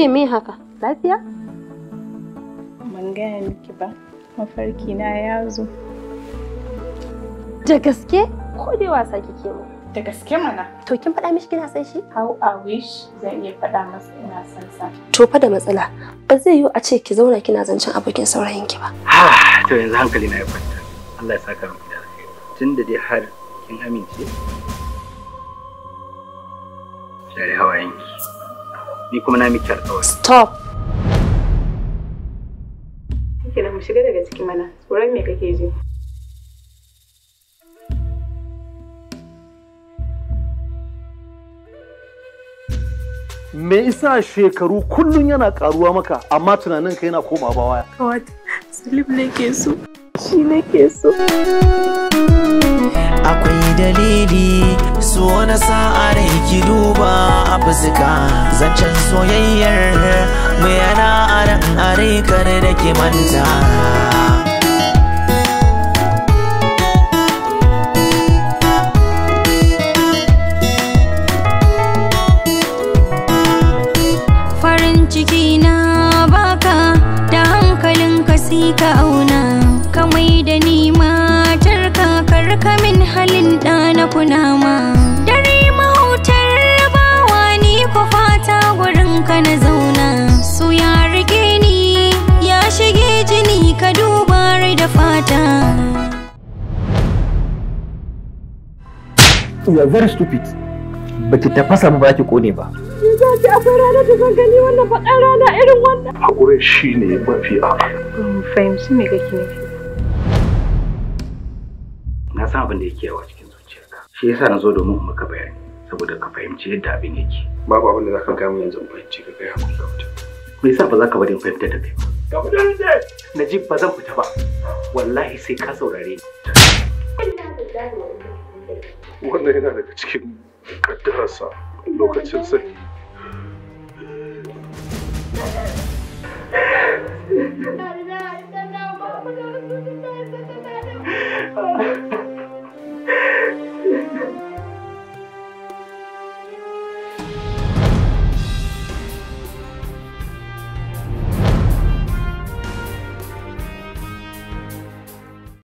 ce me haka? Lafiya? Ban gaya miki ba, mafarki na ya zo. Da gaske? Ko dai wasa kike mu? Da gaske mana. To kin faɗa mishi kina san shi? How I wish zan iya faɗa masa ina san sa. To fa da matsala. Ba zai yiwu a ce ki zauna kina zancen abokin saurayin ki ba. Ha, to yanzu hankali na ya kwanta. Allah ya saka miki lafiya alheri. Tunda dai har kin amince. Share ki ni kuma na miki alƙawari stop kike na mu shiga daga ciki mana tsoron me kake ji me isa shekaru kullum yana karuwa maka amma tunanin ka yana koma baya kawata salim ke so shi ne ke so akwai dalili so na sa'a da hikidu fuska zancen soyayyar mu yana aran are da ke manta farin ciki na baka da hankalin ka sika fata you are very stupid baki tafasa ba ki kone ba za ki akwai rana da zan gani wannan faɗan rana irin wannan hakuri shine mafi a fahimci me kake nufi na san abin da yake yawa cikin zuciyarka shi yasa na zo domin maka bayani saboda ka fahimci yadda abin yake babu abin da zaka gaya min yanzu fahimci ka kai hakuri ka mutum me yasa ba za ka bari fahimta da kai ba Ka da ce. Najib ba zan fita ba. Wallahi sai ka saurare Wannan yana daga cikin kaddararsa lokacin sanyi.